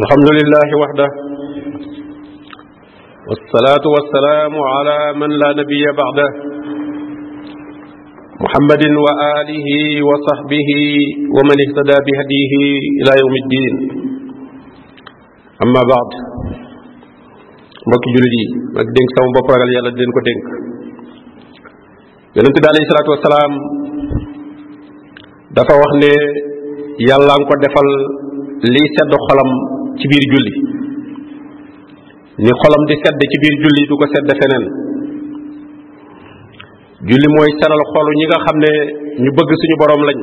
alhamdulilahi waxda walsalaatu walsalaamu ala man la nabiya baxda muhammadin wa alihi wa saxbihi wa man ihtada bi hadihi ila yawm iddin amma baad mbokki jullit yi mag dénk sama bopp ragal yàlla di leen ko dénk yonente bi alayhi salaatu wasalaam dafa wax ne yàlla nga ko defal liy sedd xolam ci biir julli ni xolam di sedd ci biir julli du ko sedd feneen julli mooy seral xolu ñi nga xam ne ñu bëgg suñu boroom lañ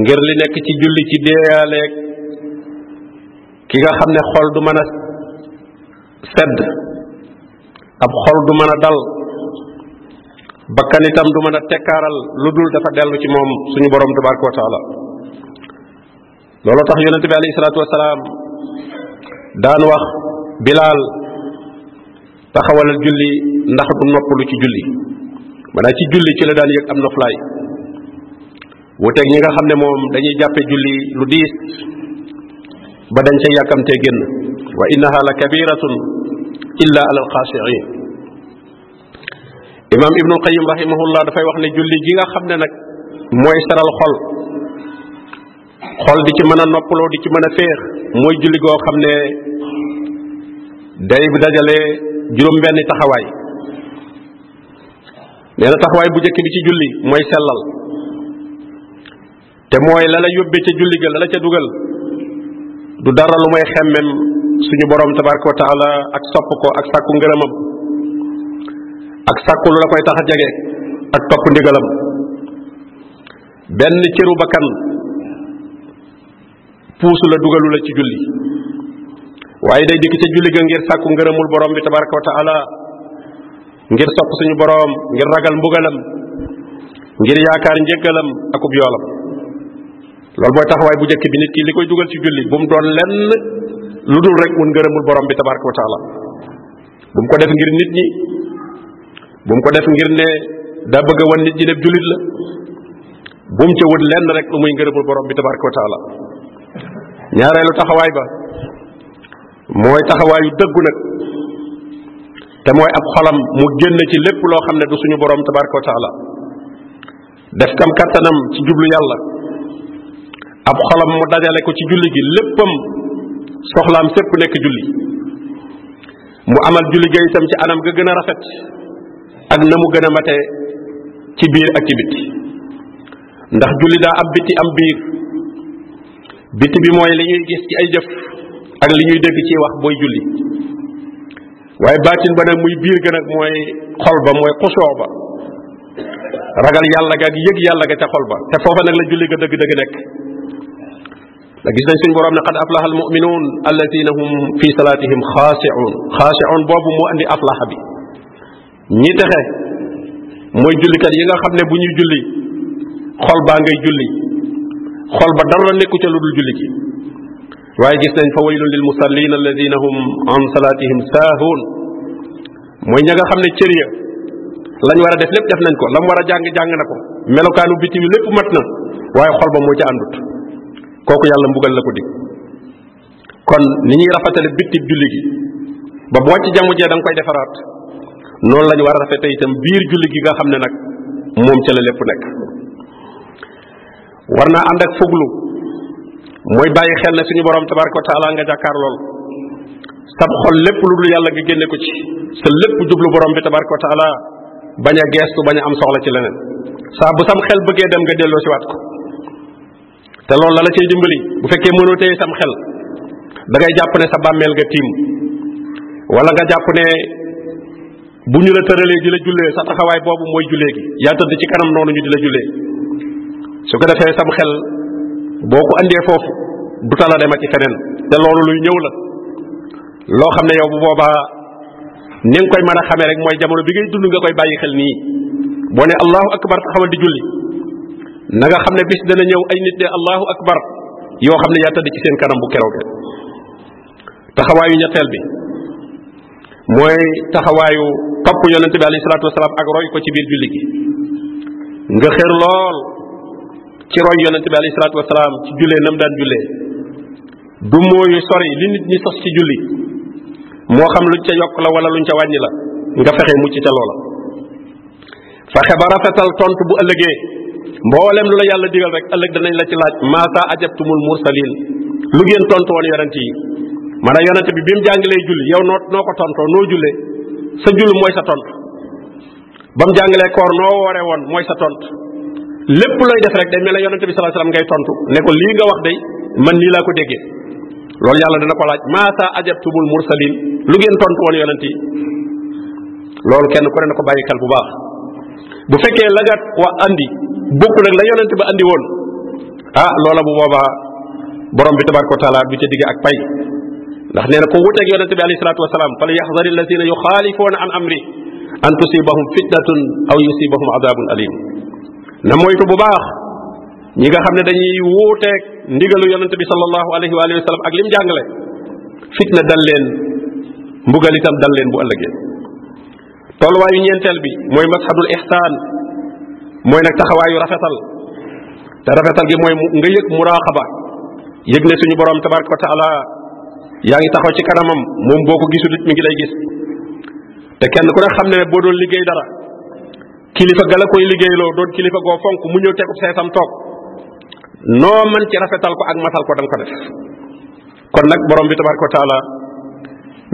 ngir li nekk ci julli ci deeyaaleeg ki nga xam ne xol du mën a sedd ab xol du mën a dal bakkan itam du mën a tekkaaral lu dul dafa dellu ci moom suñu boroom tabaraka wa taala looloo tax yonente bi alayhi salaatu wasalaam daan wax bilaal taxawalal julli ndax du noppalu ci julli maanaam ci julli ci la daan yëg am noflaay wuteeg ñi nga xam ne moom dañuy jàppe julli lu diis ba dañ ca yàkkamtee génn wa innaha la kabiratun illa ala alxaasiin imaam ibnul qayim rahimahullah dafay wax ne julli gi nga xam ne nag mooy saral xol xol di ci mën a noppaloo di ci mën a féex mooy julli goo xam ne day dajale juróom benni taxawaay nee na taxawaay bu njëkk bi ci julli mooy sellal te mooy lala la yóbbee ca julli ga la la ca dugal du dara lu may xemmem suñu borom tabaraka wa ak sopp ko ak sàkku ngërëmam ak sàkku lu la koy tax a jege ak topp ndigalam benn cëru bakkan puusu la dugalu la ci julli waaye day dikk ca julli ga ngir sàkku ngërëmul borom bi tabaraka wa taala ngir sopp suñu borom ngir ragal mbugalam ngir yaakaar njëggalam akub yoolam loolu mooy taxawaay bu njëkk bi nit kii li koy dugal ci julli bu mu doon lenn lu dul rek mun ngërëmul borom bi tabaraka wa ko def bu ko def ngir ne bëgg a wan nit ñi mu ca wut bi tabaraka ñaareelu taxawaay ba mooy taxawaayu dëggu nag te mooy ab xolam mu génn ci lépp loo xam ne du suñu borom tabaraka wa def kam kattanam ci jublu yàlla ab xolam mu dajale ko ci julli gi léppam soxlaam sépp nekk julli mu amal julli ga ci anam ga gën a rafet ak na mu gën a mate ci biir ak ci biti ndax julli daa am biti am biir bitt bi mooy li ñuy gis ci ay jëf ak li ñuy dégg ci wax booy julli waaye baatin ba nag muy biir ga nag mooy xol ba mooy xusoo ba ragal yàlla ga ak yëg yàlla ga ca xol ba te foofa nag la julli ga dëgg-dëgg nekk da gis nañ suñ boroom ne qad aflaha al muminuun alladina hum fi salaatihim xaasiuun xaasiuun boobu moo andi aflaha bi ñii texe mooy jullikat yi nga xam ne bu ñuy julli xol baa ngay julli xol ba dara nekku ca lu dul julli gi waaye gis nañ fa waylun lil musallin alladina hum an salaatihim saahuun mooy ña nga xam ne cër ya war a def lépp def nañ ko lam war a jàng jàng ko melokaanu bitim lépp mat na waaye xol ba moo ca àndut kooku yàlla mbugal la ko dig kon ni ñuy rafetale bitib julli gi ba boo ci jamu jee da koy defaraat noonu lañu war a rafet rafetee itam biir julli gi nga xam ne nag moom ca la lépp nekk war naa ànd ak fuglu mooy bàyyi xel ne suñu borom tabaraka wa taala nga jàkkaar lool sab xol lépp lu dul yàlla nga génne ko ci sa lépp jublu borom bi tabaraka wa bañ a geestu bañ a am soxla ci leneen saa bu sam xel bëggee dem nga delloo si waat ko te loolu la la cay dimbali bu fekkee mënoo téye sam xel dangay jàpp ne sa bàmmeel nga tiim wala nga jàpp ne bu ñu la tëralee di la jullee sa taxawaay boobu mooy jullee gi yaa tëdd ci kanam noonu ñu di la jullee su ko defee sam xel boo ko indee foofu du tala dema ci feneen te loolu luy ñëw la loo xam ne yow bu boobaa ni koy mën a xamee rek mooy jamono bi ngay dund nga koy bàyyi xel nii boo ne allahu akbar taxawal di julli na xam ne bis dana ñëw ay nit ne allahu akbar yoo xam ne yaa tëdd ci seen kanam bu keroog taxawaayu ñetteel bi mooy taxawaayu topp yonente bi alayhi salaatu wasalaam ak roy ko ci biir julli gi nga xër lool ci roy yonente bi alayhi salaatu wasalaam ci jullee nam daan jullee du mooyu sori li nit ñi sos ci julli moo xam luñ ca yokk la wala luñ ca wàññi la nga fexe mucc ca loola fexe ba rafetal tontu bu ëllëgee mboolem lu la yàlla digal rek ëllëg danañ la ci laaj maasa ajabtumul mursalin lu ngeen tontu woon yonent yi maanaam yonent bi bi mu jàngalee julli yow noo noo ko tontoo noo jullee sa julli mooy sa tontu ba mu jàngalee koor noo wooree woon mooy sa lépp looy def rek day mel ne yonente bi sallallahu alayhi wasallam ngay tontu ne ko lii nga wax day man nii laa ko déggee loolu yàlla dana ko laaj maasa ajabtumul mursalin lu ngeen tontu woon yonent yi loolu kenn ku ne na ko bàyyi xel bu baax bu fekkee la nga wax andi bokk nag la yonent ba andi woon ah loola bu boobaa borom bi tabaraka wa taala du ca digg ak pay ndax nee na ku wuteeg yonent bi alayhi salaatu wasalaam fal yaxzari allazina yuxaalifuuna an amri an tusibahum fitnatun aw yusibahum adabun alim na moytu bu baax ñi nga xam ne dañuy wuuteeg ndigalu yonente bi sallallahu alayhi wa sallam ak lim jàngale fitna dal leen mbugal itam dal leen bu ëllëgee tolluwaayu ñenteel bi mooy masxadul ihsaan mooy nag taxawaayu rafetal te rafetal gi mooy nga yëg muraaxaba yëg ne suñu borom tabaraka wa taala yaa ngi taxaw ci kanamam moom boo ko gisul it mi ngi lay gis te kenn ku ne xam ne boo doon liggéey dara kilifa gala koy liggéeyloo doon kilifa goo fonk mu ñëw tegu seesam toog noo man ci rafetal ko ak matal ko danga ko def kon nag borom bi tabaraka ko taala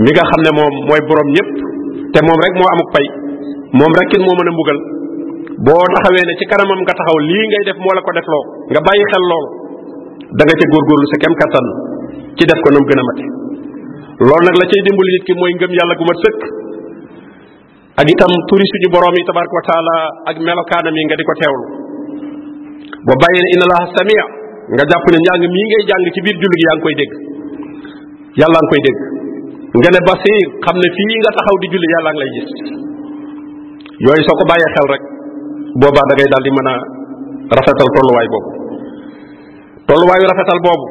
mi nga xam ne moom mooy borom ñëpp te moom rek moo amuk pay moom rek moo mën a mbugal boo taxawee ne ci kanamam nga taxaw lii ngay def moo la ko def loo nga bàyyi xel loolu da nga ca góorgóorlu sa kem kattan ci def ko nu mu gën a mate loolu nag la cay dimbali nit ki mooy ngëm yàlla gu mat sëkk ak itam turi suñu borom yi tabaraka wa taala ak melokaanam yi nga di ko teewlu ba bàyyi ne inna allaha samia nga jàpp ne njàng mii ngay jàng ci biir julli gi yaa ngi koy dégg yàlla nga koy dégg nga ne basir xam ne fii nga taxaw di julli yàlla ngi lay gis yooyu soo ko bàyyee xel rek boobaa da ngay daal di mën a rafetal tolluwaay boobu tolluwaayu rafetal boobu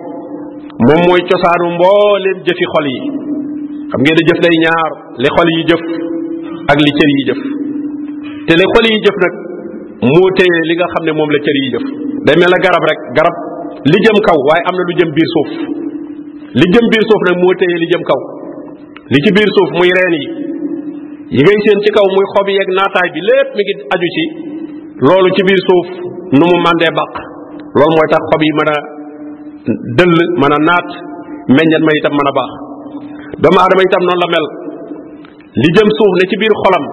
moom mooy cosaanu mbooleem jëfi xol yi xam ngeen ne jëf day ñaar li xol yi jëf ak li cër yi jëf te li xol yi jëf nag moo téye li nga xam ne moom la cër yi jëf day mel na garab rek garab li jëm kaw waaye am na lu jëm biir suuf li jëm biir suuf nag moo téye li jëm kaw li ci biir suuf muy reen yi yi ngay seen ci kaw muy xob yeeg naataay bi lépp mi ngi aju ci loolu ci biir suuf nu mu màndee bàq loolu mooy tax xob yi man a dëll mën a naat meññet ma itam mën a baax doomu aadama itam noonu la mel li jëm suuf ne ci biir xolam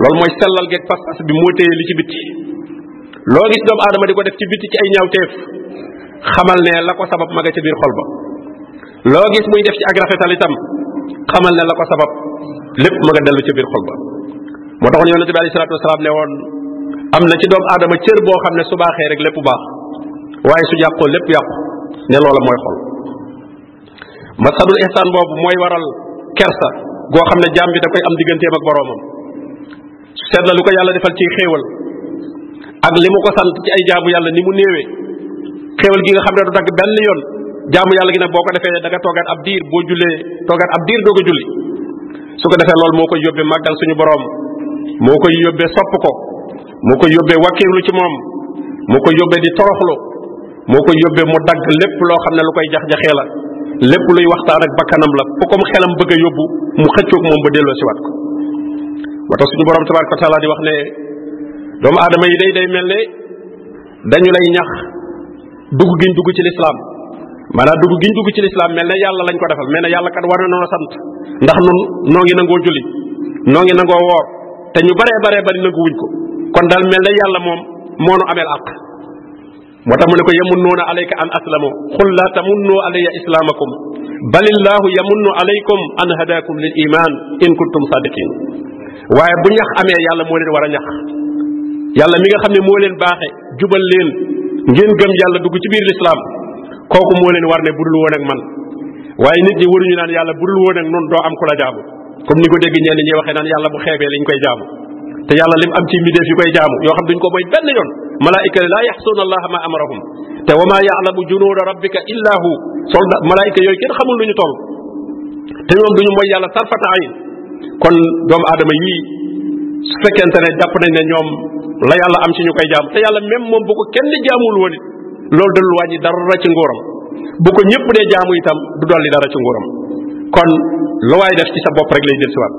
loolu mooy sellal geeg pas-pas bi moo téye li ci biti loo gis doomu aadama di ko def ci biti ci ay ñaawteef xamal ne la ko sabab maga ca biir xol ba loo gis muy def ci ak rafetal xamal ne la ko sabab lépp maga dellu ca biir xol ba moo taxoon yonente bi alayhi salaatu wasalaam ne woon am na ci doomu aadama cër boo xam ne su baaxee rek lépp baax waaye su yàqoo lépp yàqu ne loola mooy xol masadul ihsaan boobu mooy waral kersa goo xam ne jaam bi da koy am digganteem ak boroomam seet la lu ko yàlla defal ci xéewal ak li mu ko sant ci ay jaamu yàlla ni mu néewee xéewal gi nga xam ne du dagg benn yoon jaamu yàlla gi nag boo ko defee da nga ab diir boo jullee toogaat ab diir doo ko julli su ko defee loolu moo koy yóbbee màggal suñu boroom moo koy yóbbee sopp ko moo koy yóbbee wàkkiirlu ci moom moo koy yóbbee di toroxlu moo koy yóbbee mu dagg lépp loo xam ne lu koy jax-jaxee la lépp luy waxtaan ak bakkanam la fu xelam bëgg a yóbbu mu xëccoog moom ba delloo si waat ko moo tax suñu borom tabaraka wa taala di wax ne doomu adama yi day day mel ne dañu lay ñax dugg giñ dugg ci lislaam maanaam dugg giñ dugg ci lislaam mel ne yàlla lañ ko defal mel ne yàlla kat war na noonu sant ndax nun noo ngi nangoo julli noo ngi nangoo woor te ñu baree baree bari nanguwuñ ko kon daal mel ne yàlla moom moo nu ameel àq moo tax mu ne ko yamunnuuna alayka an aslamu qul laa tamunnu alayya islaamakum balillaahu yamunnu alaykum an hadaakum lil iman in kuntum sadiqin waaye bu ñax amee yàlla moo leen war a ñax yàlla mi nga xam ne moo leen baaxe jubal leen ngeen gëm yàlla dugg ci biir lislaam kooku moo leen war ne budul woon ak man waaye nit ñi waruñu naan yàlla bu woon ak noonu doo am ku la jaamu comme ni ko dégg ñenn ñi waxee naan yàlla bu xeebee liñ koy jaamu te yàlla lim am ci mbindeef yi yoo xam duñ ko mooy benn yoon malaayika la yaxsuuna allaha ma amarahum te wa maa yaalamu junuuda rabbika illa hu soldat malaayika yooyu kenn xamul lu ñu toll te ñoom duñu mooy yàlla tarfata ayn kon doom aadama yii su fekkente ne jàpp nañ ne ñoom la yàlla am ci ñu koy jaam te yàlla même moom bu ko kenn jaamul loolu dul wàññi dara ci nguuram bu ko ñëpp dee jaamu itam du dolli dara ci nguuram kon lu waay def ci sa bopp rek lay del siwaat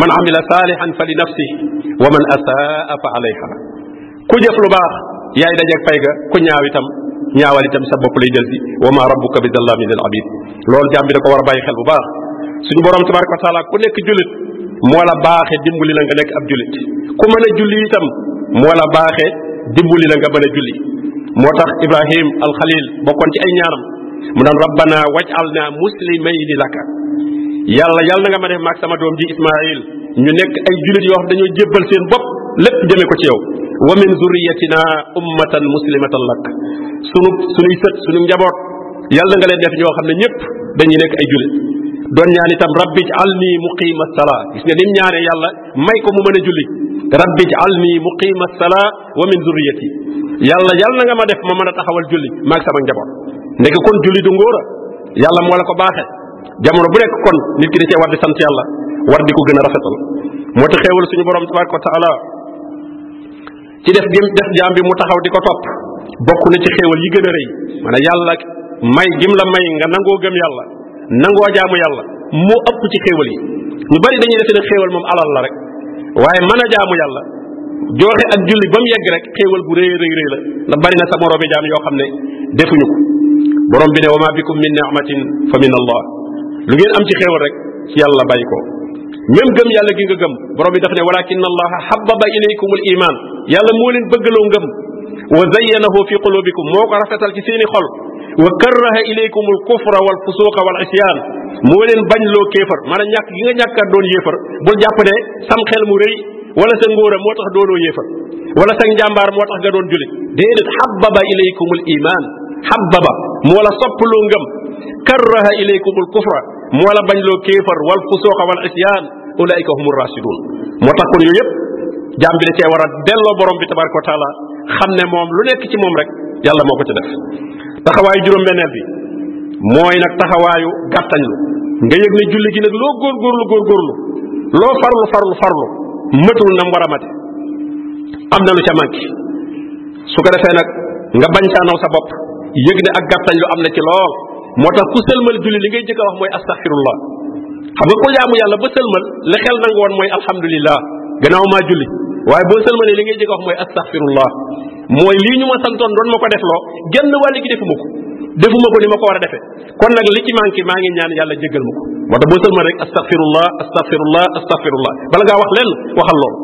man amila saalihan fa li nafsi wa man asaa fa alayha ku jëf lu baax yaay dajeeg pay ga ku ñaaw itam ñaawal itam sa bopp lay del si wa ma rabbuka bi dallamin lil abid loolu lool jàmbi da ko war a bàyyi xel bu baax suñu borom tabaraka wa taala ku nekk jullit moo la baaxee dimbali la nga nekk ab jullit ku mën a julli itam moo la baaxee dimbali la nga mën a julli moo tax ibrahim alxalil bokkoon ci ay ñaanam mu naan rabbana wajalna muslimayni laka yàlla yàlla na nga ma def maag sama doom ji ismail ñu nekk ay jullit yoo xam dañoo jébbal seen bopp lépp jëme ko ci yow wa min zurriyatina ummatan muslimatan lak sunu sunuy sët sunu njaboot yàlla nga leen def ñoo xam ne ñëpp dañuy nekk ay jullit doon ñaan itam rabbi ij'alni muqima salaa gis nga nim ñaanee yàlla may ko mu mën a julli rabbi ij'alni muqima salaa wa min nga ma def ma mën a taxawal julli maag sama njaboot ndeke kon julli du ngóora yàlla moo la ko baaxee jamono bu nekk kon nit ki da cee war di sant yalla war di ko gën a rafetal moo tax xéewal suñu borom tabaraka wa taala ci def gi def jaam bi mu taxaw di ko topp bokk na ci xéewal yi gën a rëy a yàlla may gim la may nga nangoo gëm yàlla nangoo jaamu yàlla moo ëpp ci xéewal yi ñu bari dañuy defe ne xéewal moom alal la rek waaye man a jaamu yàlla joxe ak julli ba mu yegg rek xéewal bu rëy rëy rëy la ndax bari na sa moroomi jaam yoo xam ne defuñu ko borom bi ne wa ma bikum min ni'matin fa min allah lu ngeen am ci xéewal rek ci yàlla bàyyi ko même gëm yàlla gi nga gëm borom bi daf ne walakin allaha habbaba ilaykum al iman yàlla moo leen bëggaloo ngëm wa zayyanahu fi qulubikum moo ko rafetal ci seeni xol wa karraha ilaykum al kufra wal fusuqa wal isyan moo leen bañ loo kéefar maanaam ñàkk gi nga ñàkkaat doon yéefar bul jàpp ne mu rëy wala sa ngóora moo tax doonoo yéefar wala sa njàmbaar moo tax nga doon julit déedéet habbaba ilaykum al iman habbaba moo la soppaloo ngëm karraha ilaykum al kufra moo la bañ loo kéefar wal fusuqa wal isyan ulaayika humu rasidun moo tax kon yooyu yëpp jaam bi da cee war a delloo borom bi tabaraka wa taala xam ne moom lu nekk ci moom rek yàlla moo ko ci def taxawaayu juróom-benneel bi mooy nag taxawaayu gàttañlu nga yëg ne julli gi nag loo góorgóorlu lu loo farlu farlu farlu mëtul na mu war a mate am na lu ca manqué su ko defee nag nga bañ saa naw sa bopp yëg ne ak gàttañlu am na ci lool moo tax ku sëlmal julli li ngay jëkk a wax mooy astaghfirullah xam nga ko jaamu yàlla ba sëlmal la xel nangu woon mooy alhamdulillah gannaaw maa julli waaye boo sëlmalee li ngay jëkk wax mooy astaghfirullah mooy lii ñu ma santoon doon ma ko def loo genn wàll gi defuma ko defuma ko li ma ko war a defee kon nag li ci manqué maa ngi ñaan yàlla jéggal ma ko moo tax boo sëlmal rek astaghfirullah astaghfirullah astaghfirullah bala ngaa wax lenn waxal loolu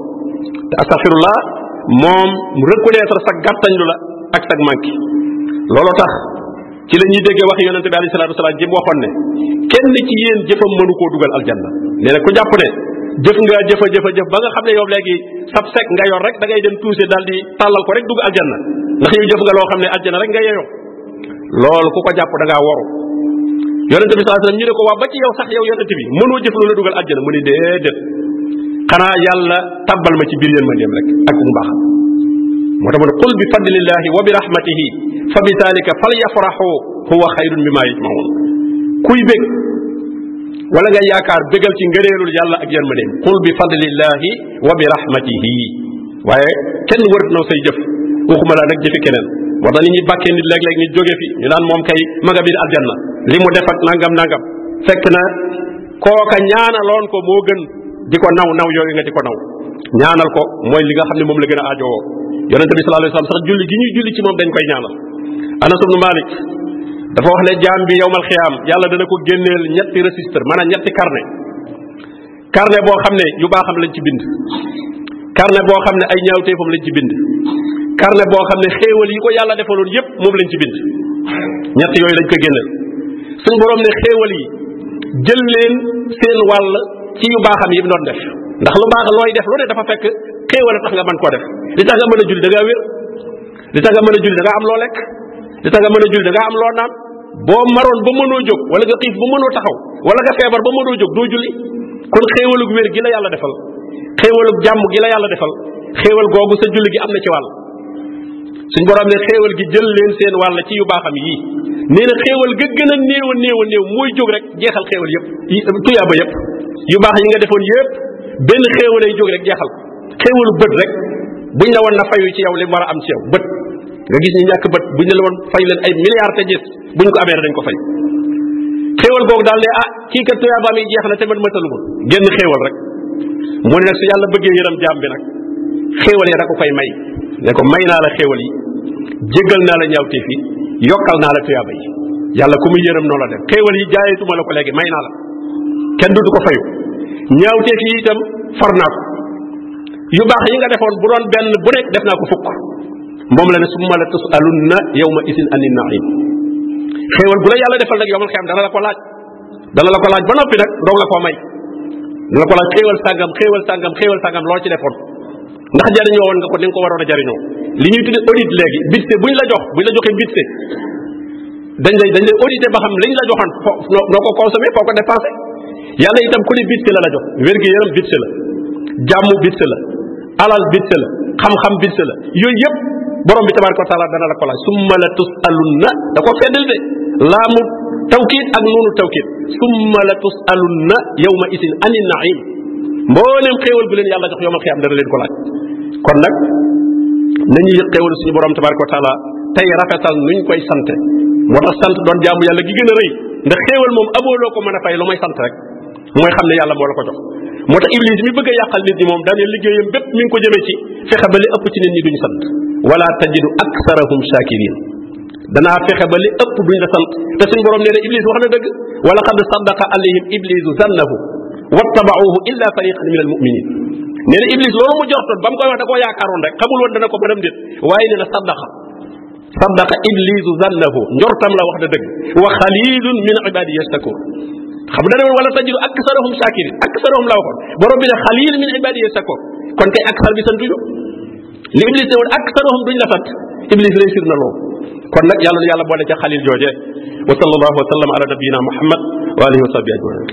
te astaghfirullah moom mu reconnaître sa lu la ak sa manqué looloo tax ci la ñuy déggee wax yonente bi alayhi salaatu wasalaam ji mu waxoon koo dugal aljanna nee na ku jàpp ne jëf nga jëfa jëfa jëf ba xam ne yow léegi sab sek nga yor rek da ngay dem daal di tàllal ko rek dugg aljanna ndax yow jëf nga loo xam ne aljanna rek nga yeyoo loolu ku ko jàpp da ngaa waru yonente bi sallallahu alayhi wasallam ñu ne ko waa ba ci sax yow yonente bi mënoo jëf loola dugal aljanna mu ne déedéet xanaa yàlla tabbal ma ci biir yéen ma dem rek ak mu mbaax moo tax mu ne qul bi fadlillahi wa bi rahmatihi fa bi daalika fal yafraxu huwa xayrun mimma yajmaun kuy bég wala nga yaakaar bégal ci ngëneelul yàlla ak yërmandeem qul bi fadlillahi wa bi rahmatihi waaye kenn wër naw say jëf waxuma laa nag jëfi keneen war na li ñuy bàkkee nit léeg-léeg ñu jóge fi ñu naan moom kay ma nga biir aljanna li mu def nangam nangam fekk na kooka ñaanaloon ko moo gën di ko naw naw yooyu nga di ko naw ñaanal ko mooy li nga xam ne moom la gën a aajowoo yonente bi sallallahu alayhi wasallam sax julli gi ñuy julli ci moom dañ koy ñaanal Anas ibn Malik dafa wax ne jaam bi yowmal xiyaam yàlla dana ko génneel ñetti registre maanaam ñetti carnet carnet boo xam ne yu baaxam lañ ci bind carnet boo xam ne ay ñaawteefam lañ ci bind carnet boo xam ne xéewal yi ko yàlla defaloon yépp moom lañ ci bind ñett yooyu lañ ko génneel suñu boroom ne xéewal yi jël leen seen wàll ci yu baaxam yi mu doon def ndax lu baax looy def lu ne dafa fekk xéewal a tax nga mën koo def li tax nga mën a julli da ngaa wér li tax nga mën a julli da ngaa am loo lekk li tax nga mën a julli da ngaa am loo naan boo maroon ba mënoo jóg wala nga xiif ba mënoo taxaw wala nga feebar ba mënoo jóg doo julli kon xéewalug wér gi la yàlla defal xéewalug jàmm gi la yàlla defal xéewal googu sa julli gi am na ci wàll suñ borom ne xéewal gi jël leen seen wàll ci yu baaxam yii nee na xéewal ga gën a néew a néew a néew mooy jóg rek jeexal xéewal yëpp tuyaaba yëpp yu baax yi nga defoon yëpp benn xéewal ay jóg rek jeexal xéewalu bët rek buñ la woon na fayu ci yow li mu war a am ci yow bët nga gis ñu ñàkk bët buñ la woon fay leen ay milliards te gis buñ ko amee dañ ko fay xéewal googu daal ne ah kii kat tuyaabaam yi jeex na te man mataluma génn xéewal rek mu ne nag su yàlla bëggee yëram jaam bi nag xéewal yi da ko koy may ne ko may naa la xéewal yi jéggal naa la ñaawteef yi yokkal naa la tuyaaba yi yàlla ku muy yërëm noonu la def xéewal yi jaayatuma la ko léegi may naa la du ko fayu ñaawteef yi itam ko yu baax yi nga defoon bu doon benn bu nekk def naa ko fukk moom la ne summa la tusalunna yawma isin ani naim xéewal bu la yàlla defal nag yowmal xiyam dana la ko laaj dana la ko laaj ba noppi nag doog la koo may dana la ko laaj xéewal sàngam xéewal sàngam xéewal sàngam loo ci defoon ndax jariñoo woon nga ko ni nga ko waroon a jariñoo li ñuy tuddee audit léegi bu ñu la jox buñ la joxee budget dañ lay dañ lay audité ba xam liñ la joxoon foo noo ko consommé foo ko dépensé yàlla itam ku ne budget la la jox wér-gi-yaram la jàmm budget la alal bitt la xam-xam bitt la yooyu yëpp borom bi tabaraka wa taala dana la ko laaj summa la tusalunna da ko feddal de laamu tawkiit ak noonu tawkiit summa la tusalunna yawma isin ani naim mbooleem xéewal bu leen yàlla jox yowmal xiyaam dana leen ko kon nag nañuy yëg xéewal suñu borom tabaraka wa taala tey rafetal nuñ koy sante moo tax sant doon jaamu yàlla gi gën a rëy ndax xéewal moom aboloo ko mën a fay lu may sant rek mooy xam ne yàlla moo la ko jox moo tax iblis mi bëgg a yàqal nit ñi moom daane liggéeyam bépp mi ngi ko jëmee ci fexe ba li ëpp ci nit ñi duñ sant wala tajidu aksarahum shakirin danaa fexe ba li ëpp duñ la sant te suñ borom nee na iblis wax na dëgg wala xad saddaqa alayhim iblisu zannahu wattabauhu illa fariqan min almuminin nee na iblis loolu mu jortoon ba mu koy wax da koo yaakaaroon rek xamul woon dana ko dem déet waaye nee na saddaqa saddaqa iblisu zannahu njortam la wax na dëgg wa xalilun min ibadi yastakur xam dana woon wala tajidu aksarahum shakirin aksarahum la waxoon borom bi ne xalil min ibadiya sakoor kon kay aksar bi santuñu li iblis ne woon aksarahum duñ la sant iblis réussir na loolu kon nag yàlla na yàlla boole ca xalil jooje wa sallallahu wa sallam ala nabiyina muhammad wa alihi wa sahbihi ajmain